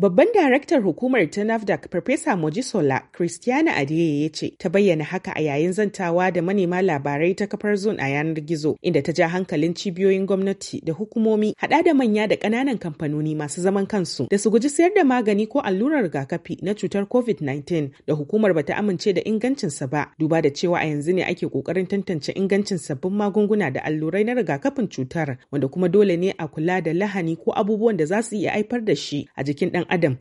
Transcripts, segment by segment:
Babban daraktar hukumar ta NAFDAC Farfesa Mojisola Christiana Adeye ya ce ta bayyana haka a yayin zantawa da manema labarai ta kafar zon a yanar gizo inda ta ja hankalin cibiyoyin gwamnati da hukumomi hada da manya da ƙananan kamfanoni masu zaman kansu da su guji sayar da magani ko allurar rigakafi na cutar COVID-19 da hukumar bata amince da ingancinsa ba duba da cewa a yanzu ne ake kokarin tantance ingancin sabbin magunguna da allurai na rigakafin cutar wanda kuma dole ne a kula da lahani ko abubuwan da za su iya haifar da shi a jikin ɗan adam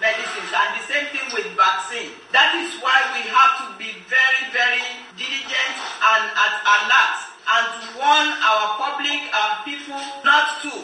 medicines and the same thing with vaccine. That is why we have to be very, very diligent and at alert and warn our public and people not to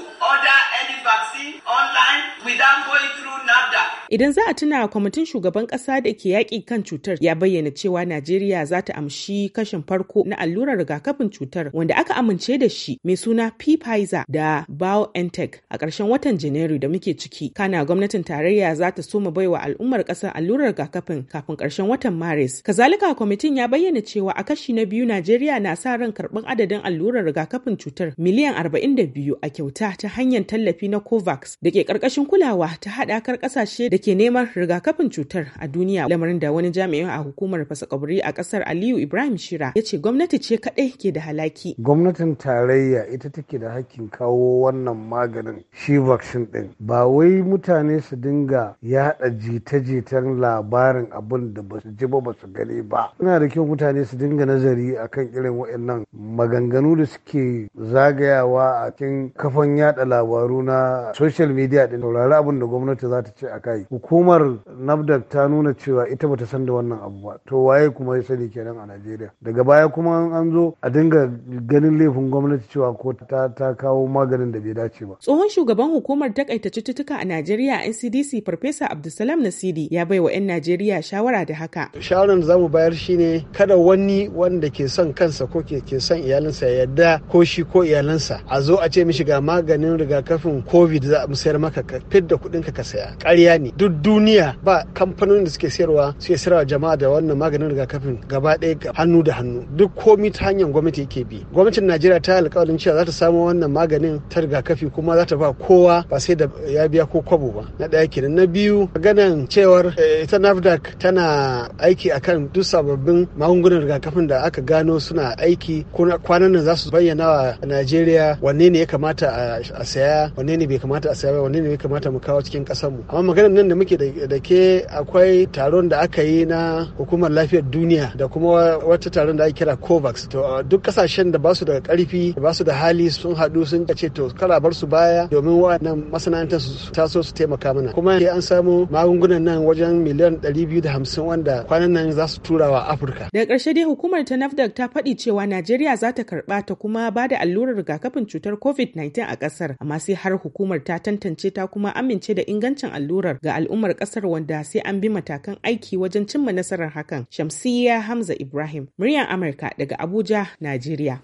Idan za a tuna kwamitin shugaban ƙasa da ke yaƙi kan cutar ya bayyana cewa Najeriya za ta amshi kashin farko na allurar rigakafin cutar wanda aka amince da shi mai suna Pfizer da BioNTech a ƙarshen watan Janairu da muke ciki. Kana gwamnatin tarayya za ta soma baiwa al'ummar ƙasar allurar rigakafin kafin ƙarshen watan Maris. Kazalika kwamitin ya bayyana cewa a kashi na biyu Najeriya na sa ran karɓar adadin allurar rigakafin cutar miliyan arba'in da biyu a kyauta ta hanyar tallafi na COVAX da ke ƙarƙashin kulawa ta haɗakar ƙasashe da ke neman rigakafin cutar a duniya lamarin da wani jami'in a hukumar fasakaburi a kasar aliyu ibrahim shira ya ce gwamnati ce kadai ke da halaki gwamnatin tarayya ita take da hakkin kawo wannan maganin shi vaccine din ba wai mutane su dinga yada jita-jitan labarin abin da ba su ji ba ba su gani ba ina da kyau mutane su dinga nazari akan irin waɗannan maganganu da suke zagayawa a cikin kafan yada labaru na social media din saurari abin da gwamnati za ta ce a kai hukumar nafdar ta nuna cewa ita bata san da wannan abu ba to waye kuma ya sani kenan a najeriya daga baya kuma an zo a dinga ganin laifin gwamnati cewa ko ta, kawo maganin da bai dace ba tsohon shugaban hukumar takaita cututtuka a najeriya ncdc farfesa abdulsalam nasiri ya bai wa 'yan najeriya shawara da haka shawaran zamu bayar shi ne kada wani wanda ke son kansa ko ke ke son iyalinsa ya yarda ko shi ko iyalinsa a zo a ce mishi ga maganin rigakafin covid za a sayar maka ka fidda kuɗin ka saya ƙarya ne duk duniya ba kamfanonin da suke sayarwa suke sayarwa jama'a da wannan maganin rigakafin gaba ɗaya hannu da hannu duk komi ta hanyar gwamnati yake bi gwamnatin najeriya ta alƙawarin cewa za ta samo wannan maganin ta rigakafi kuma za ta ba kowa ba sai da ya biya ko kwabo ba na ɗaya kenan na biyu maganan cewar eh, ita nafdac tana aiki akan duk sababbin magungunan rigakafin da aka gano suna aiki kwanan nan za su bayyana wa najeriya wanne ne ya kamata a saya wanne ne bai kamata a saya ba wanne ne ya kamata mu kawo cikin ƙasar mu amma maganar nan da muke da ke akwai taron da aka yi na hukumar lafiyar duniya da kuma wata taron da ake kira covax to duk kasashen da basu da karfi basu da hali sun haɗu sun ce to kara bar su baya domin wa'annan masana'antar su taso su taimaka mana kuma an samu magungunan nan wajen miliyan 250 wanda kwanan nan za su tura wa afirka daga karshe dai hukumar ta nafdac ta faɗi cewa najeriya za ta karɓa ta kuma ba da allurar rigakafin cutar covid-19 a ƙasar amma sai har hukumar ta tantance ta kuma amince da ingancin allurar ga al'ummar kasar wanda sai an bi matakan aiki wajen cimma nasarar hakan. Shamsiyya Hamza Ibrahim, muryar Amurka daga Abuja, Najeriya.